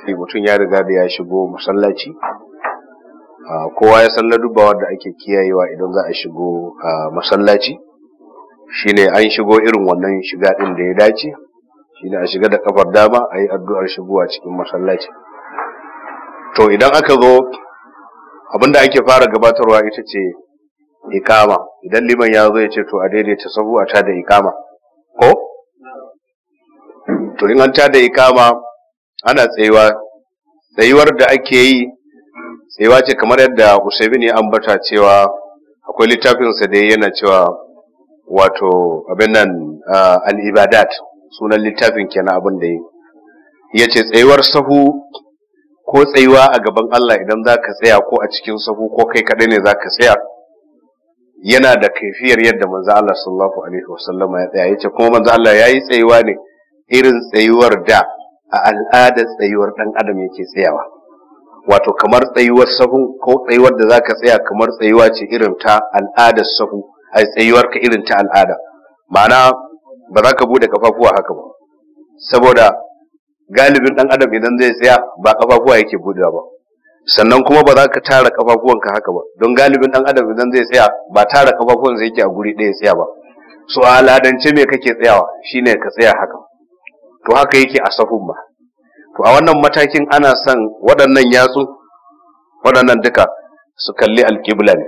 sai mutum ya riga da ya shigo masallaci kowa ya san ladubawar da ake kiyayewa idan za a shigo masallaci shine an shigo irin wannan shiga ɗin da ya dace shine a shiga da kafar dama a yi addu'ar a cikin masallaci to idan aka zo abinda ake fara gabatarwa ita ce ikama idan liman ya zo ya ce to a daidaita sabu a da ikama ko to in an da ikama ana tsayuwa tsayuwar da ake yi tsayuwa ce kamar yadda Usaimin ya ambata cewa akwai littafinsa da yana cewa wato abin nan al-ibadat sunan littafin kenan abin da ya ce tsayuwar sahu ko tsayuwa a gaban Allah idan za ka tsaya ko a cikin sahu ko kai kaɗai ne za ka tsaya yana da kaifiyar yadda manzo Allah sallallahu alaihi wasallama ya tsaya yace kuma manzo Allah yayi tsayuwa ne irin tsayuwar da a al'adar tsayuwar ɗan adam yake tsayawa wato kamar tsayuwar sahu ko tsayuwar da za ka tsaya kamar tsayuwa ce irin ta al'adar sahu ai tsayuwar ka irin ta al'ada ma'ana ba za ka bude kafafuwa haka ba saboda galibin ɗan adam idan zai tsaya ba kafafuwa yake budewa ba sannan kuma ba za ka tara kafafuwanka haka ba don galibin ɗan adam idan zai tsaya ba tara kafafuwan kafafuwansa yake a guri ɗaya tsaya ba so a al'adance me kake tsayawa shine ka tsaya haka to haka yake a sahun ba. to a wannan matakin ana son waɗannan yatsu waɗannan duka su kalli alƙibla ne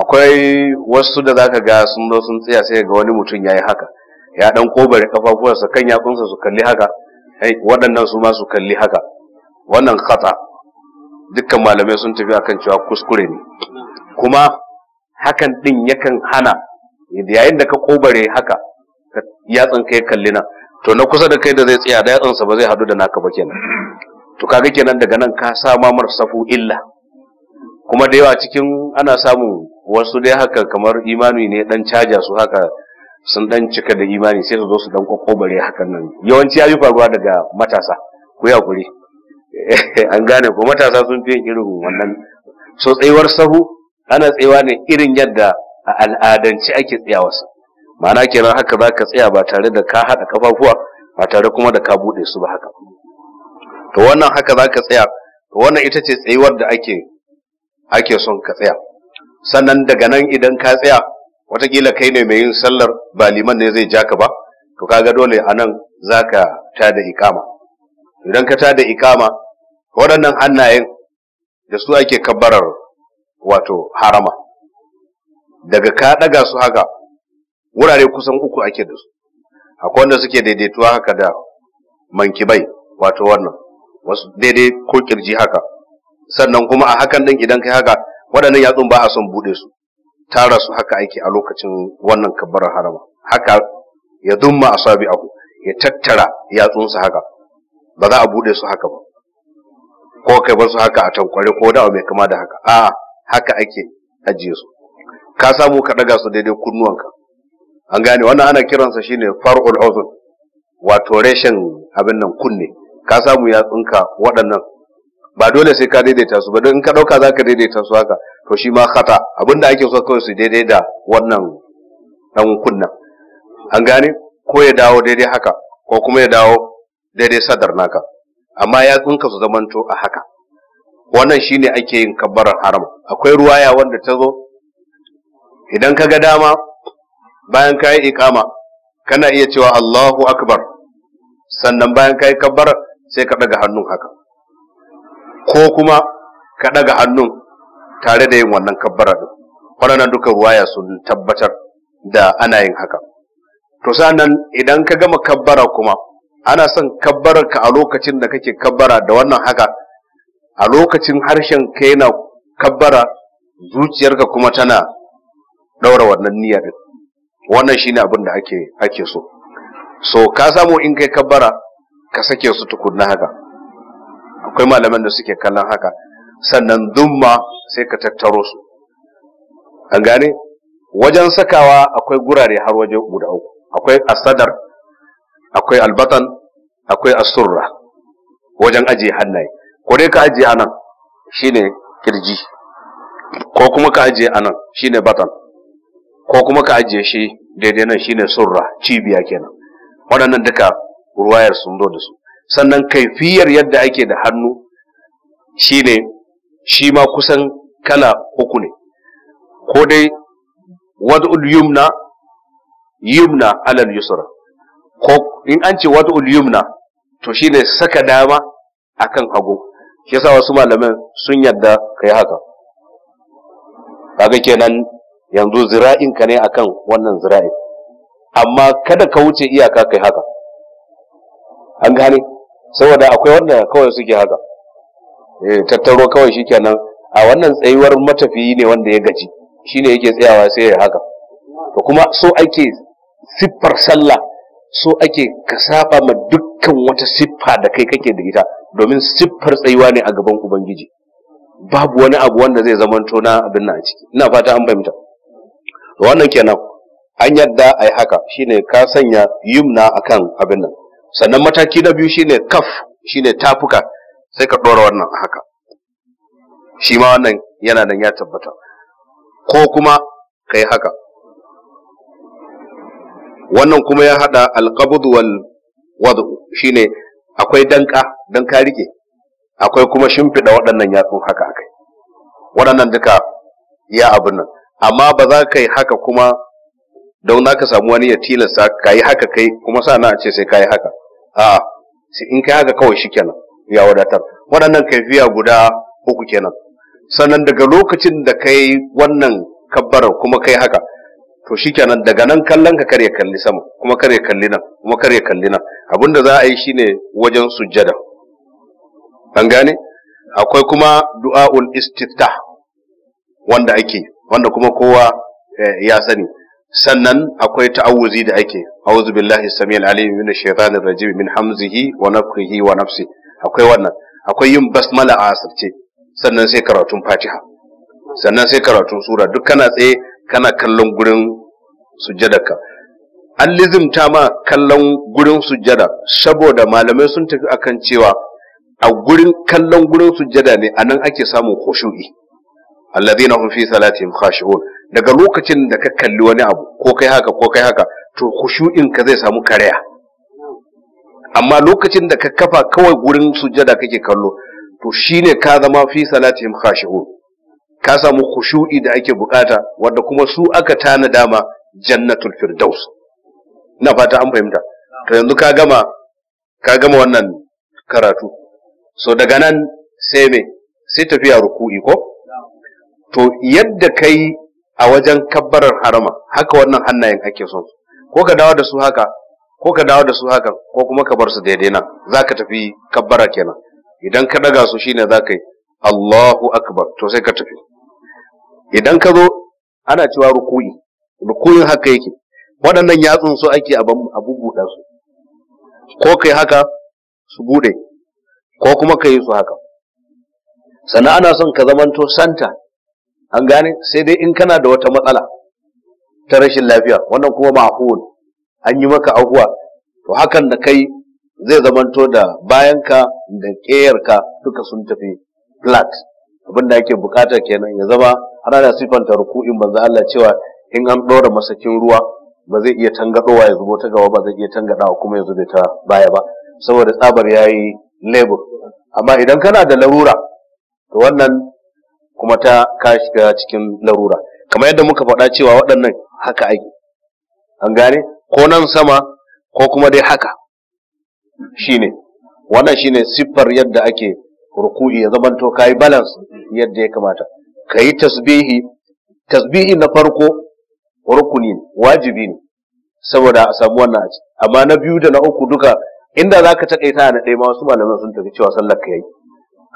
akwai wasu da za ka ga sun zo sun tsaya sai ga wani mutum ya yi haka ya ɗan kobare kafafuwarsa kan yatsunsa su kalli haka waɗannan su ma su kalli haka wannan khata dukkan malamai sun tafi akan cewa kuskure ne kuma hakan ɗin yakan hana yayin da ka kobare haka yatsan ka ya kalli nan to na kusa da kai da zai tsaya da sa ba zai hadu da naka ba kenan to kaga kenan daga nan ka sa mamar safu illa kuma da yawa cikin ana samun wasu dai haka kamar imani ne dan caja su haka sun dan cika da imani sai su zo su dan kokobare hakan nan yawanci ya yi faruwa daga matasa ku ya kuri an gane ko matasa sun fi irin wannan so tsayuwar sahu ana tsayawa ne irin yadda a al'adance ake tsayawa ma'ana kenan haka za ka tsaya ba tare da ka haɗa kafafuwa ba tare kuma da ka buɗe su ba haka to wannan haka za ka tsaya to wannan ita ce tsayuwar da ake ake son ka tsaya sannan daga nan idan ka tsaya watakila kai ne mai yin sallar ba liman ne zai ja ka ba to kaga dole a nan za ka da ikama idan ka tada ikama waɗannan hannayen da su ake kabbarar wato harama daga ka ɗaga su haka wurare kusan uku ake da su akwai wanda suke daidaituwa haka da mankibai wato wannan wasu daidai ko kirji haka sannan kuma a hakan din idan kai haka waɗannan yatsun ba a son buɗe su tara su haka ake a lokacin wannan kabbarar harama haka ya dumma asabi abu ya tattara yatsunsa haka ba za a buɗe su haka ba ko kai ba su haka a tankware ko da mai kama da haka a haka ake ajiye su ka samu ka ɗaga su daidai kunnuwanka an gane wannan ana kiransa shine far'ul uzun wato reshen abin nan kunne ka samu ya tsinka waɗannan ba dole sai ka daidaita su ba don in ka ɗauka za ka daidaita su haka to shi ma khata abin da ake so kawai su daidai da wannan ɗan kunnan an gane ko ya dawo daidai haka ko kuma ya dawo daidai sadar naka amma ya tsinka su zamanto a haka wannan shine ake yin kabbarar harama akwai ruwaya wanda ta zo idan ka ga dama bayan kayi ikama kana iya cewa Allahu akbar sannan bayan kayi yi kabbar sai ka ɗaga hannun haka ko kuma ka ɗaga hannun tare da yin wannan kabbara din waɗannan duka ruwaya sun tabbatar da ana yin haka to sannan idan ka gama kabbara kuma ana son kabbarar ka a lokacin da kake kabbara da wannan haka a lokacin harshen ka yana kabbara zuciyarka kuma tana ɗaura wannan niyya din wannan shine abin da ake ake so so ka samu in kai kabbara ka sake su tukunna haka akwai malaman da suke kallon haka sannan dumma sai ka tattaro su an gane wajen sakawa akwai gurare har waje guda uku akwai asadar akwai albatan akwai asurra wajen ajiye hannaye ko dai ka ajiye anan shine kirji ko kuma ka ajiye anan shine batan ko kuma ka ajiye shi daidai nan shine surra cibiya kenan waɗannan duka ruwayar sun zo da su sannan kaifiyar yadda ake da hannu shine shi ma kusan kala uku ne ko dai wad'ul yumna yumna alal yusra ko in an ce wad'ul yumna to shine saka dama akan hagu shi yasa wasu malaman sun yadda kai haka kaga kenan yanzu zira'inka ne akan wannan zira'in amma kada ka wuce iyaka kai haka an gane saboda akwai wanda kawai suke haka eh, tattaro kawai shikenan a wannan tsayuwar matafiyi ne wanda ya gaji shine yake tsayawa sai ya haka to kuma so ake siffar sallah so ake ka ma dukkan wata siffa da kai kake da ita domin siffar tsayuwa ne a gaban ubangiji babu wani abu wanda zai zamanto na abin nan a ciki ina fata an fahimta to wannan kenan an yadda yi haka shine ka sanya yumna akan abin nan sannan mataki na biyu shine kaf shine tafuka sai ka ɗora wannan haka shi ma wannan yana nan ya tabbata ko kuma ka yi haka wannan kuma ya haɗa alqabd wal wad'u shine akwai danka dan ka rike akwai kuma shimfiɗa waɗannan yatsun haka akai waɗannan duka ya abin nan amma ba za ka yi haka kuma don na ka samu wani ya tilasta ka yi haka kai kuma sa na ce sai ka yi haka a in ka yi haka kawai shi kenan ya wadatar waɗannan kaifiya guda uku kenan sannan daga lokacin da ka yi wannan kabbarar kuma ka yi haka to shi kenan daga nan kallon ka karya kalli sama kuma karya kalli nan kuma karya kalli nan abinda za a yi shine wajen sujjada an gane akwai kuma du'a'ul istiftah wanda ake wanda kuma kowa eh, ya sani sannan akwai ta'awuzi da ake a'udhu billahi samiyal alim min ash-shaytanir rajim min hamzihi wa nafthihi wa nafsi akwai wannan akwai yin basmala a asirce sannan sai karatun fatiha sannan sai karatun sura duk kana tsaye kana kallon gurin sujjadarka an lizimta ma kallon gurin sujjada saboda malamai sun tafi akan cewa a gurin kallon gurin sujjada ne anan ake samun khushu'i alladhina hum fi salatihim khashi'un daga lokacin da ka kalli wani abu ko kai haka ko kai haka to khushu'in ka zai samu kareya. amma lokacin da ka kafa kawai gurin sujjada kake kallo to shine ka zama fi salatihim khashi'un ka samu khushu'i da ake bukata wanda kuma su aka tana dama jannatul firdaus ina fata an fahimta to yanzu ka gama ka gama wannan karatu so daga nan sai me sai tafiya ruku'i ko to yadda ka yi a wajen kabbarar harama haka wannan hannayen ake son ko ka dawo da su haka ko ka dawo da su haka ko kuma ka bar su daidai nan ka tafi kabbara kenan idan ka daga su shine ka yi Allahu akbar to sai ka tafi idan ka zo ana cewa rukuyi rukuyin haka yake waɗannan yatsun su ake a bubuɗa su ko kai haka su buɗe ko kuma ka yi su haka sannan ana son ka zamanto santa an gane sai dai in kana da wata matsala ta rashin lafiya wannan kuma ma'afuwan an yi maka aguwa to hakan da kai zai zamanto da bayan bayanka da ka duka sun tafi flat abin da ake bukata kenan ya zama ana da siffanta ruku'in manzo Allah cewa in an ɗora masakin ruwa ba zai iya tangaɗowa ya zubo ta gaba ba zai iya tangaɗawa kuma ya zube ta baya ba saboda tsabar ya yi lebur amma idan kana da larura to wannan kuma ta ka shiga cikin larura kamar yadda muka faɗa cewa waɗannan haka ake an gane ko nan sama ko kuma dai haka shine wannan shine siffar yadda ake ruku'i ya zama ka yi balance yadda ya kamata ka yi tasbihi tasbihi na farko rukuni wajibi ne saboda a samu wannan aji amma na biyu da na uku duka inda za ka taƙaita na ɗaya ma wasu malaman sun tafi cewa sallar ka yayi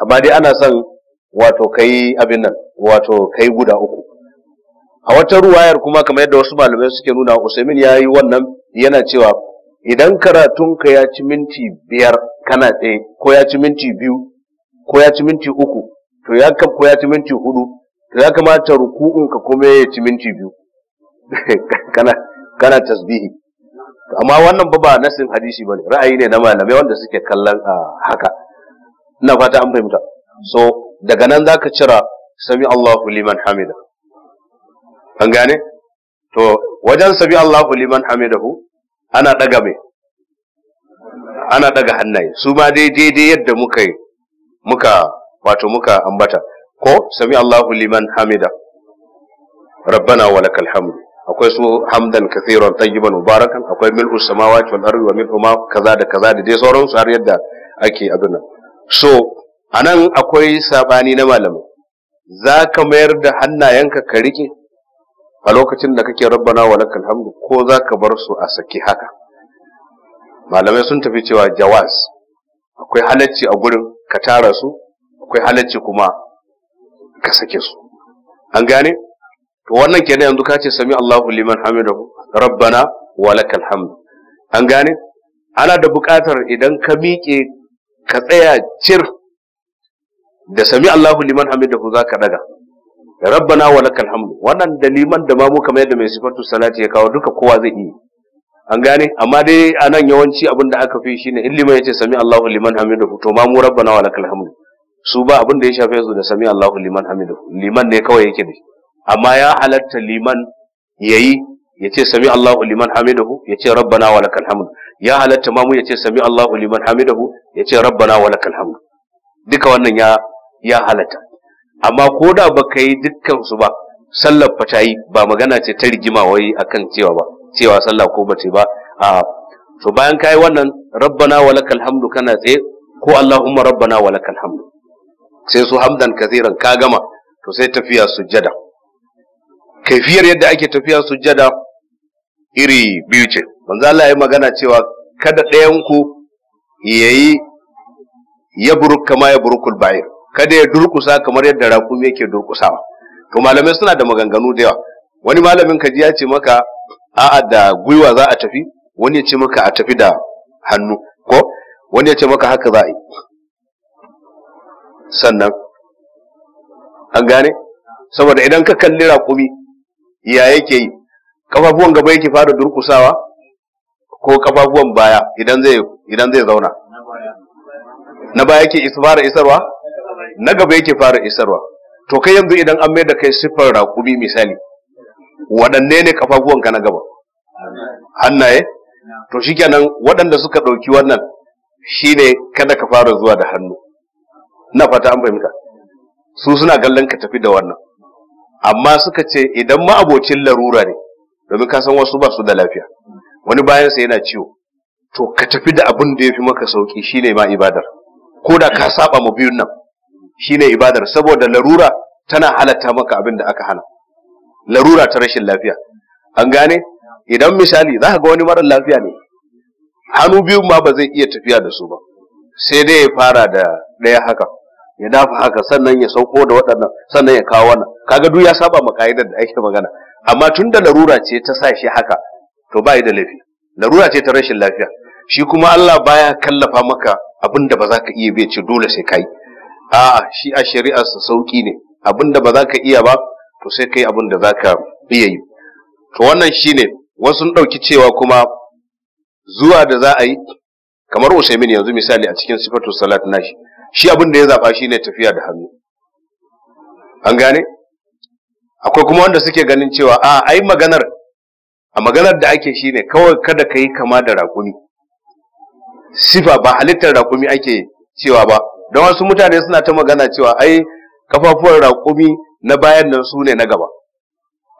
amma dai ana son wato kai abin nan wato kai guda uku a wata ruwayar kuma kamar yadda wasu malamai suke nuna usaimin ya yi wannan yana cewa idan karatunka ya ci minti biyar kana tsaye ko ya ci minti biyu ko ya ci minti uku to ya kam ko ya ci minti hudu to ya kamata ruku’un ka kuma ya ci minti biyu kana kana tasbihi amma wannan ba ba nasin hadisi bane ra'ayi ne na malamai wanda suke kallon ah, haka ina fata an fahimta so daga nan za ka cira sami Allahu liman hamida an gane to wajen sami Allahu liman hamidahu ana daga mai ana daga hannaye su ma daidai yadda muka yi muka wato muka ambata ko sami Allahu liman hamida rabbana lakal hamdu akwai su hamdan kathiran tayyiban mubarakan akwai mil'u samawati wal ardi wa mil'u ma kaza da kaza da dai sauransu har yadda ake aduna so a nan akwai saɓani na malamai za ka mayar da hannayenka ka riƙe a lokacin da kake rabbana wa lakal hamdu ko za ka bar su a saki haka malamai sun tafi cewa Jawas, akwai halacci a gurin ka tara su akwai halacci kuma ka sake su an gane to wannan kenan yanzu ka ce sami Allahu liman hamidahu rabbana wa lakal hamdu an gane ana da buƙatar idan ka miƙe ka tsaya cir da sami Allahu liman hamidahu za ka daga rabbana wa lakal hamdu wannan da liman da mamu kamar yadda mai sifatu salati ya kawo duka kowa zai yi an gane amma dai anan yawanci abin da aka fi shine in liman yace sami Allahu liman hamidahu to mamu rabbana wa lakal hamdu su ba abin da ya shafe su da sami Allahu liman hamidahu liman ne kawai yake da amma ya halatta liman yayi yace sami Allahu liman hamidahu yace rabbana wa lakal hamdu ya halatta mamu yace sami Allahu liman hamidahu yace rabbana wa lakal hamdu duka wannan ya ya halatta amma ko da ba yi dukkan ba sallar fa ta yi ba magana ce ta rigima wai akan cewa ba cewa sallah ko ce ba a so bayan yi wannan rabbana walakal hamdu kana tsaye ko allahumma rabbana walakal hamdu sai su hamdan kaziran ka gama to sai tafiya sujjada kaifiyar yadda ake tafiya sujjada iri biyu ce manzo Allah ya magana cewa kada ɗayan ku yayi yabruk kama yabrukul ba'ir kada ya durkusa kamar yadda raƙumi yake durkusawa to malamai suna da maganganu da yawa wani malamin kaji ya ce maka a'a da gwiwa za a tafi wani ya ce maka a tafi da hannu ko wani ya ce maka haka za a yi sannan an gane saboda idan ka kalli raƙumi ya yake yi kafafuwan gaba yake fara durkusawa ko kafafuwan baya idan zai zauna na baya yake fara isarwa na gaba yake fara isarwa to kai yanzu idan an mai da kai siffar raƙumi misali waɗanne ne kafafuwanka na gaba hannaye to shikenan waɗanda suka ɗauki wannan shine kada ka fara zuwa da hannu na fata an fahimta su suna gallan ka tafi da wannan amma suka ce idan ma abocin larura ne domin ka san wasu ba su da lafiya wani bayan sa yana ciwo to ka tafi da abin da ya fi maka sauki shine ma ibadar ko da ka saba mu biyun nan shine ibadar saboda larura tana halatta maka abin da aka hana larura ta rashin lafiya an gane idan misali za ka ga wani mara lafiya ne hannu biyu ma ba zai iya tafiya da su ba sai dai ya fara da ɗaya haka ya dafa haka sannan ya sauko da waɗannan sannan ya kawo wannan kaga duk ya saba ma ka'idar da ake magana amma tun da larura ce ta sa shi haka to ba da laifi larura ce ta rashin lafiya shi kuma Allah baya kallafa maka abin da ba za ka iya bai ce dole sai ka yi. a'a shi a shari'arsa sauki ne abinda ba za ka iya ba to sai kai abin da za ka iya yi to wannan shi ne wasu ɗauki cewa kuma zuwa da za a yi kamar usaimin yanzu misali a cikin sifatu salat nashi shi abin da ya zaɓa ne tafiya da hannu an gane akwai kuma wanda suke ganin cewa a ai maganar a maganar da ake ne, kawai kada ka yi kama da raƙumi sifa ba halittar raƙumi ake cewa ba don wasu mutane suna ta magana cewa ai kafafuwan raƙumi na bayan nan su ne na gaba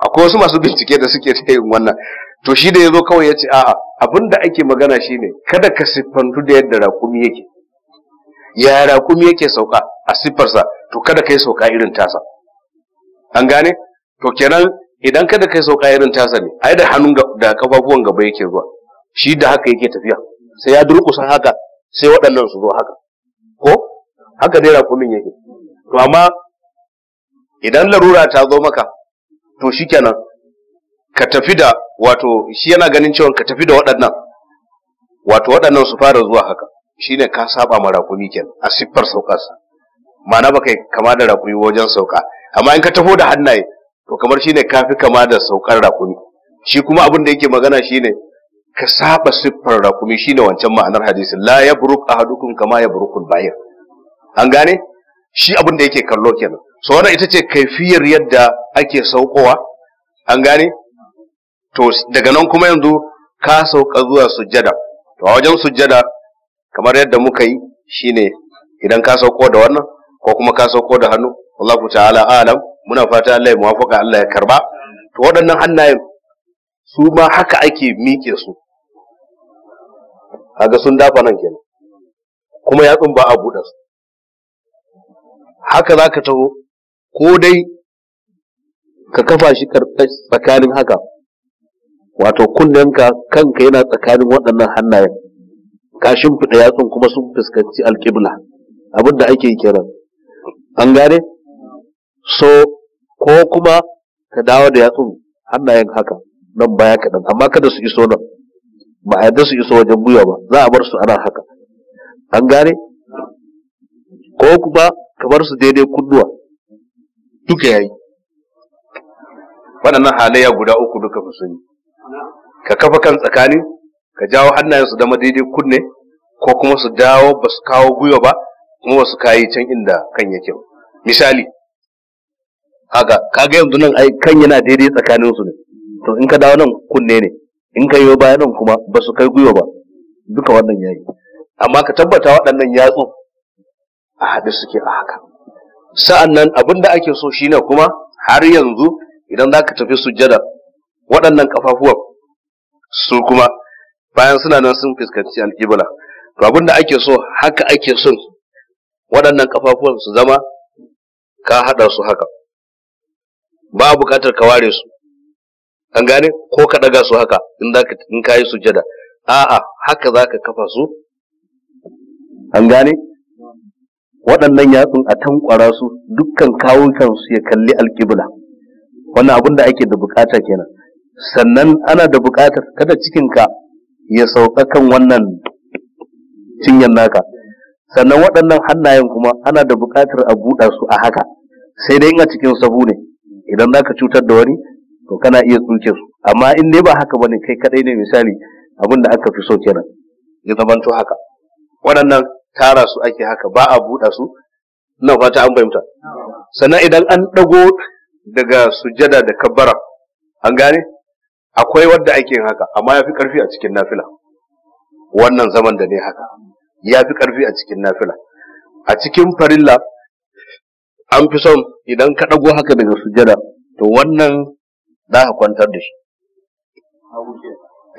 akwai wasu masu bincike da suke ta yin wannan to shi da ya zo kawai ya ce a'a abin da ake magana shi ne, kada ka siffantu da yadda raƙumi yake ya raƙumi yake sauka a siffarsa to kada ka yi sauka irin tasa an gane to kenan idan kada ka yi sauka irin tasa ne ai da hannun da kafafuwan gaba yake zuwa shi da haka yake tafiya sai ya durƙusa haka sai waɗannan su zo haka ko haka dai rakumin yake to amma idan larura ta zo maka to shikenan ka tafi da wato shi yana ganin cewa ka tafi da waɗannan wato waɗannan su fara zuwa haka shine ka saba ma rakumi kenan a siffar saukarsa ma'ana baka kama da rakumi wajen sauka amma in ka taho da hannaye to kamar shine ka fi kama da saukar rakumi, shi kuma abin da yake magana shine ka saba siffar rakumi shine wancan ma'anar hadisin la yabruk ahadukum kama yabrukul bayr an gane shi abin da yake kallo kenan so wannan ita ce kaifiyar yadda ake saukowa an gane to daga nan kuma yanzu ka sauka zuwa sujjada to a wajen sujjada kamar yadda muka yi shine idan ka sauko da wannan ko kuma ka sauko da hannu Allahu ta'ala alam muna fata Allah ya muwafaka Allah ya karba to waɗannan hannayen su ma haka ake miƙe su kaga sun dafa nan kenan kuma yatsun ba a buɗe su haka za ka taho ko dai ka kafa shi tsakanin haka wato kunnen kunnenka kanka yana tsakanin waɗannan hannayen ka shimfiɗa yatsun kuma sun fuskanci alƙibla abin da ake kira an gane so ko kuma ka dawo da yatsun hannayen haka nan baya kaɗan amma kada su iso nan ba a yadda su iso wajen gwiwa ba za a bar su ana haka an gane ko kuma ka bar su daidai kunnuwa duka yayi waɗannan halayya guda uku duka musulmi ka kafa kan tsakani ka jawo hannayen su zama daidai kunne ko kuma su dawo ba su kawo gwiwa ba kuma ba su kayi can inda kan yake misali haka kaga yanzu nan ai kan yana daidai tsakanin su ne to in ka dawo nan kunne ne in ka yi bayan nan kuma ba su kai gwiwa ba duka wannan yayi amma ka tabbata waɗannan yatsu a haɗe suke a haka sa'an nan abin da ake so shi ne kuma har yanzu idan za ka tafi sujjada waɗannan ƙafafuwan su kuma bayan suna nan sun fuskanci alƙibla to abin da ake so haka ake son waɗannan ƙafafuwan su zama ka haɗa su haka ba a buƙatar ka ware su an gane ko ka ɗaga su haka in ka in ka yi sujjada a'a haka za ka kafa su an gane waɗannan yatsun a tankwara su dukkan kawukan su ya kalli alƙibla wannan abin da ake da bukata kenan sannan ana da bukatar kada cikinka ya sauka kan wannan cinyan naka sannan waɗannan hannayen kuma ana da bukatar a buɗa su a haka sai dai in a cikin sabu ne idan zaka cutar da wani to kana iya tsuke su amma in dai ba haka bane kai kadai ne misali abin da aka fi so kenan ya zamanto haka waɗannan tara su ake haka ba a buɗa su na fata an fahimta sannan idan an ɗago daga sujada da kabbara an gane akwai wadda ake yin haka amma ya fi ƙarfi a cikin nafila wannan zaman da ne haka ya fi ƙarfi a cikin nafila a cikin farilla an fi son idan ka ɗago haka daga sujada to wannan za ka kwantar da shi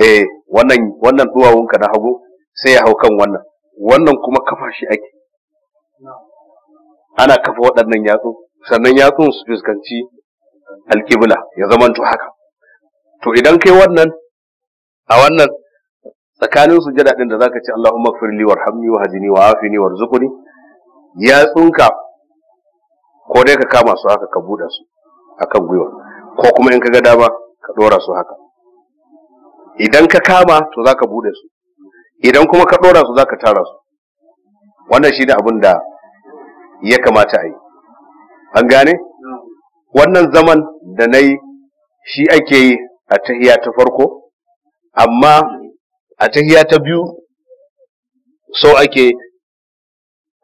eh wannan wannan duwawunka na hagu sai ya hau kan wannan wannan kuma kafa shi ake ana kafa waɗannan yatsu sannan yatsun su fuskanci alkibla ya zamanto haka to idan kai wannan a wannan tsakanin sujada din da zaka ce Allahumma firli warhamni wa afini warzuqni yatsunka ko dai ka kama su haka ka buɗe su akan gwiwa ko kuma in ka ga dama ka ɗora su haka idan ka kama to zaka buɗe su idan kuma ka ɗora su za ka tara su wannan shi ne abin da ya kamata a yi an gane wannan zaman da na yi shi ake yi a tahiya ta farko amma a tahiya ta biyu so ake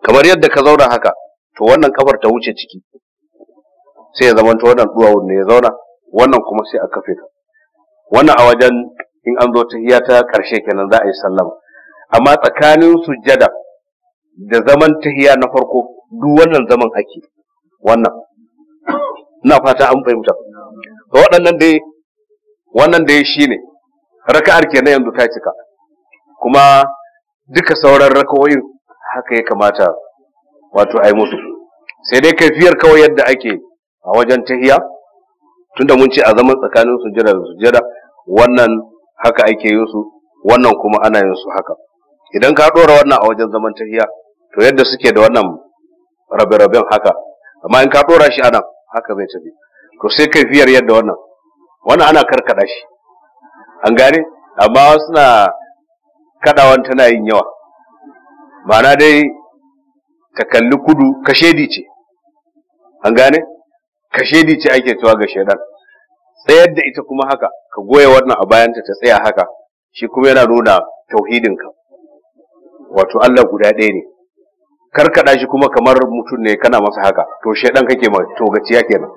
kamar yadda ka zauna haka to wannan kafar ta wuce ciki sai ya zamanta wannan duwawun ne ya zauna wannan kuma sai a kafe ta wannan a wajen in an zo tahiya ta ƙarshe kenan za a yi sallama amma tsakanin sujjada da zaman tahiya na farko duk wannan zaman ake wannan ina fata an fahimta to waɗannan dai wannan dai shine raka'ar kenan yanzu ta cika kuma duka sauran raka'o'in haka ya kamata wato ai musu sai dai kaifiyar kawai yadda ake a wajen tahiya tunda mun ce a zaman tsakanin sujjada da sujjada wannan haka ake yin su wannan kuma ana yin su haka idan ka ɗora wannan a wajen zaman tahiya to yadda suke da wannan rabe-raben haka amma in ka ɗora shi anan haka bai tafi to sai kai fiyar yadda wannan wannan ana karkada shi an gane amma suna kadawan tana yin yawa ma'ana dai ka kalli kudu kashedi ce an gane kashedi ce ake cewa ga shaidan tsayar da ita kuma haka ka goya wannan a bayanta ta tsaya haka shi kuma yana nuna tauhidin tauhidinka wato Allah guda ɗaya ne karkada shi kuma kamar mutum ne kana masa haka to shaidan kake ma to gaciya kenan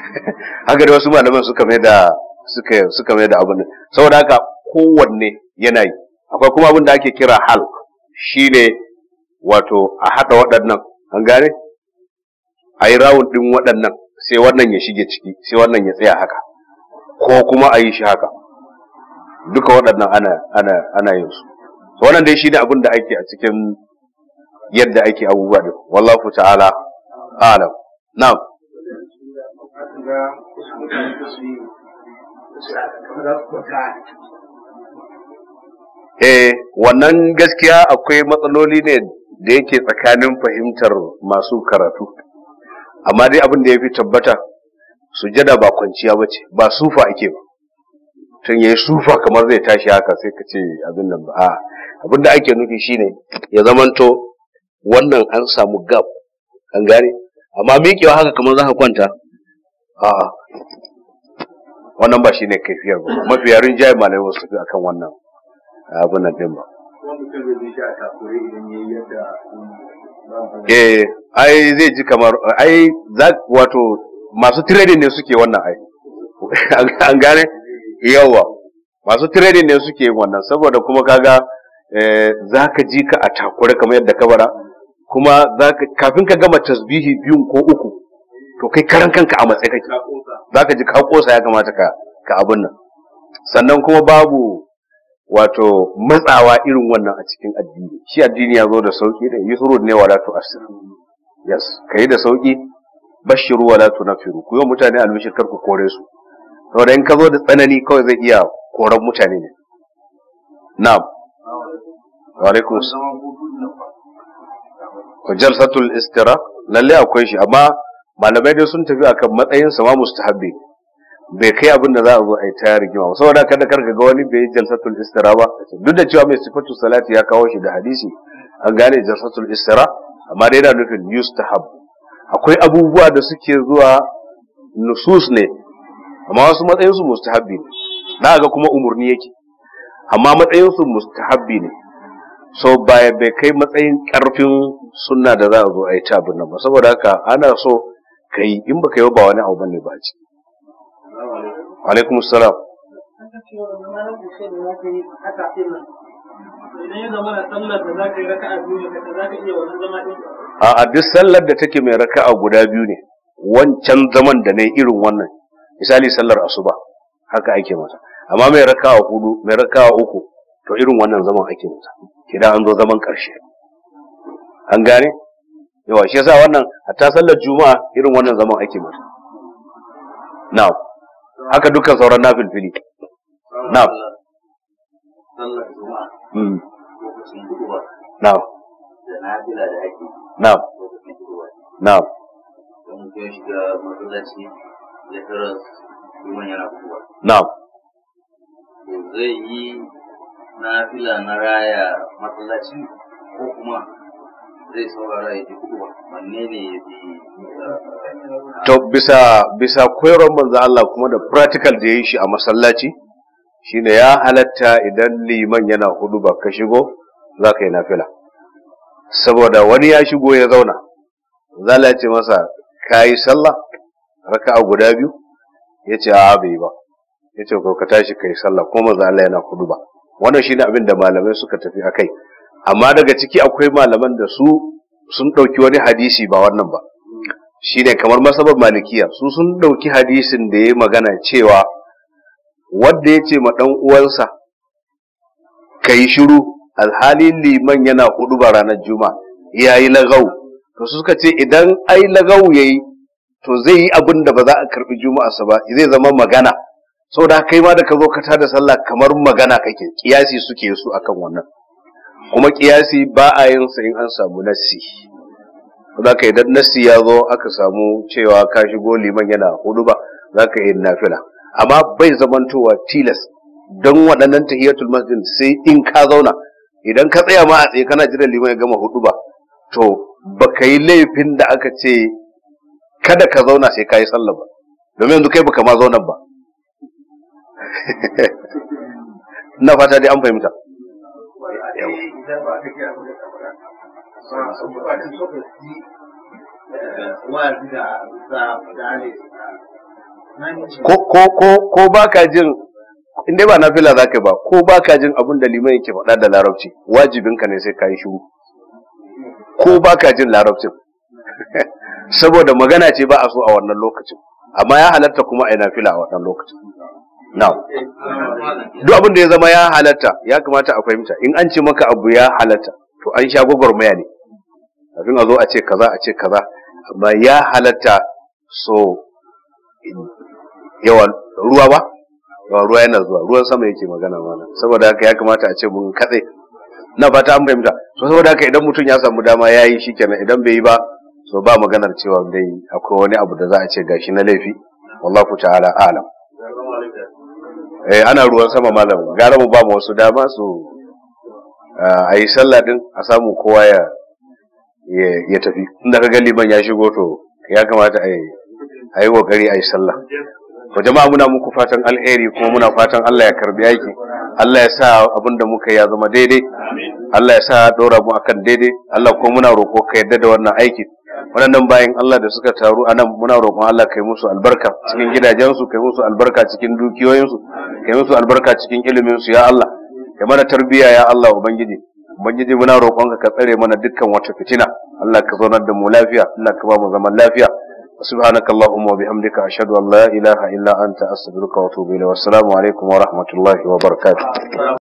haka da wasu malaman suka mai da suka suka mai da abin saboda haka kowanne yana yi akwai kuma abin da ake kira hal shine wato a hada waɗannan an gane a yi rawun ɗin waɗannan sai wannan ya shige ciki sai wannan ya tsaya haka ko kuma a yi shi haka duka waɗannan ana ana ana yin su wannan dai shi ne abin da ake a cikin yadda ake abubuwa da wallahu ta'ala alam na'am eh wannan gaskiya akwai matsaloli ne da yake tsakanin fahimtar masu karatu amma dai abin da ya fi tabbata sujada ba kwanciya ba ce ba sufa ake ba tun yayi yi sufa kamar zai tashi haka sai ka ce abin nan ba a abin da ake nufi shine ya zamanto wannan an samu gab an gane amma miƙewa haka kamar za ka kwanta a wannan ba shi ne kaifiyar ba mafi yarin jayi malamai su fi akan wannan abin nan din ba eh ai zai ji kamar ai wato masu trading ne suke wannan ai an gane yawa masu trading ne suke wannan saboda kuma kaga eh, za ka ji ka a takure kamar yadda ka bara kuma kafin ka gama tasbihi biyun ko uku to kai karan kanka a matsayi kake za ka ji ka kosa ya kamata ka ka abin nan sannan kuma babu wato matsawa irin wannan a cikin addini shi addini ya zo da sauki da yusuru ne wala tu asir yes kai da sauki bashiru wala nafiru ku yi mutane albishir kar ku kore su saboda in ka zo da tsanani kawai zai iya koran mutane ne Na, jalsatul istira lalle akwai shi amma malamai dai sun tafi akan matsayin sama mustahabbi bai kai abin da za a zo a yi ta rigima ba saboda kada karka ga wani bai yi jalsatul istira ba duk da cewa mai sifatu salati ya kawo shi da hadisi an gane jalsatul istira amma dai yana nufin yustahab akwai abubuwa da suke zuwa nusus ne amma wasu matsayinsu mustahabbi ne na ga kuma umarni yake amma matsayinsu mustahabbi ne so baya bai kai matsayin karfin sunna da za a zo a yi ta abin nan ba saboda haka ana so ka yi in baka yi ba wani abu bane ba ci alaikum salam a duk sallar da take mai raka'a guda biyu ne wancan zaman da na irin wannan misali sallar asuba haka ake masa amma mai rakawa hudu mai rakawa uku to irin wannan zaman ake masa idan an zo zaman karshe an gane yawa shi yasa wannan hatta sallar juma'a irin wannan zaman ake masa na haka dukkan sauran nafil fili Na. sallar juma'a hmm. Na. Na. Na'am. Zai yi na fila na to bisa bisa koyarwar manzo Allah kuma da practical da ya yi shi a masallaci shine ya halatta idan liman yana hudu ba ka shigo za ka yi nafila saboda wani ya shigo ya zauna zala ce masa ka yi sallah raka'a guda biyu ya ce a bai ba ya ce ka tashi kai sallah ko maza Allah yana kudu ba wannan shine abin da malamai suka tafi a kai amma daga ciki akwai malaman da su sun ɗauki wani hadisi ba wannan ba shine kamar masabar malikiya su sun ɗauki hadisin da ya magana cewa wanda ya ce ma ɗan uwansa ka yi shiru alhalin liman yana hudu ba ranar juma'a ya yi lagau to suka ce idan ai lagau ya yi to zai yi abin da ba za a karbi juma'arsa ba zai zama magana da kai ma da ka zo ka ta da sallah kamar magana kake kiyasi suke su akan wannan kuma kiyasi ba a yin sa in an samu nassi za kai idan nassi ya zo aka samu cewa ka shigo liman yana hudu ba za ka yi nafila amma bai zamantowa tilas don waɗannan tahiyatul masjid sai in ka zauna idan ka tsaya ma a tsaye kana jira liman ya gama hudu ba to baka yi laifin da aka ce kada ka zauna sai ka yi sallah ba domin yanzu kai baka ma zauna ba na fata dai an fahimta ko ba ka jin in ba na fila zaka ba ko ba ka jin abin da liman yake faɗa da larabci wajibinka ne sai ka yi shiru ko ba ka jin larabcin saboda magana ce ba a so a wannan lokacin amma ya halatta kuma a fila a wannan lokacin now duk abin da ya zama ya halatta ya kamata a fahimta in an ce maka abu ya halatta to an sha gwagwarmaya ne kafin a zo a ce kaza a ce kaza amma ya halatta so yawan ruwa ba yawa ruwa yana zuwa ruwan sama yake magana mana saboda haka ya kamata a ce mun katse na fata an fahimta so saboda haka idan mutum ya samu dama ya yi shikenan idan bai yi ba so ba maganar cewa dai akwai wani abu da za a ce gashi na laifi wallahu ta'ala alam eh ana ruwan sama malam gara mu ba mu wasu dama su eh, a yi sallah din a samu kowa ya ya tafi inda ka ga liman ya shigo to ya kamata a yi kokari a yi sallah to jama'a muna muku fatan alheri kuma muna fatan Allah ya karbi aiki Allah ya sa abin da muka ya zama daidai Allah ya sa dora mu akan daidai Allah kuma muna roko ka yadda da wannan aiki waɗannan bayan Allah da suka taru a nan muna roƙon Allah kai musu albarka cikin gidajensu kai musu albarka cikin dukiyoyinsu kai musu albarka cikin iliminsu ya Allah kai mana tarbiyya ya Allah ubangiji ubangiji muna roƙonka ka tsare mana dukkan wata fitina Allah ka zaunar da mu lafiya Allah ka ba mu zaman lafiya subhanaka allahumma wa bihamdika ashhadu an la ilaha illa anta astaghfiruka wa atubu ilayk alaikum wa rahmatullahi wa barakatuh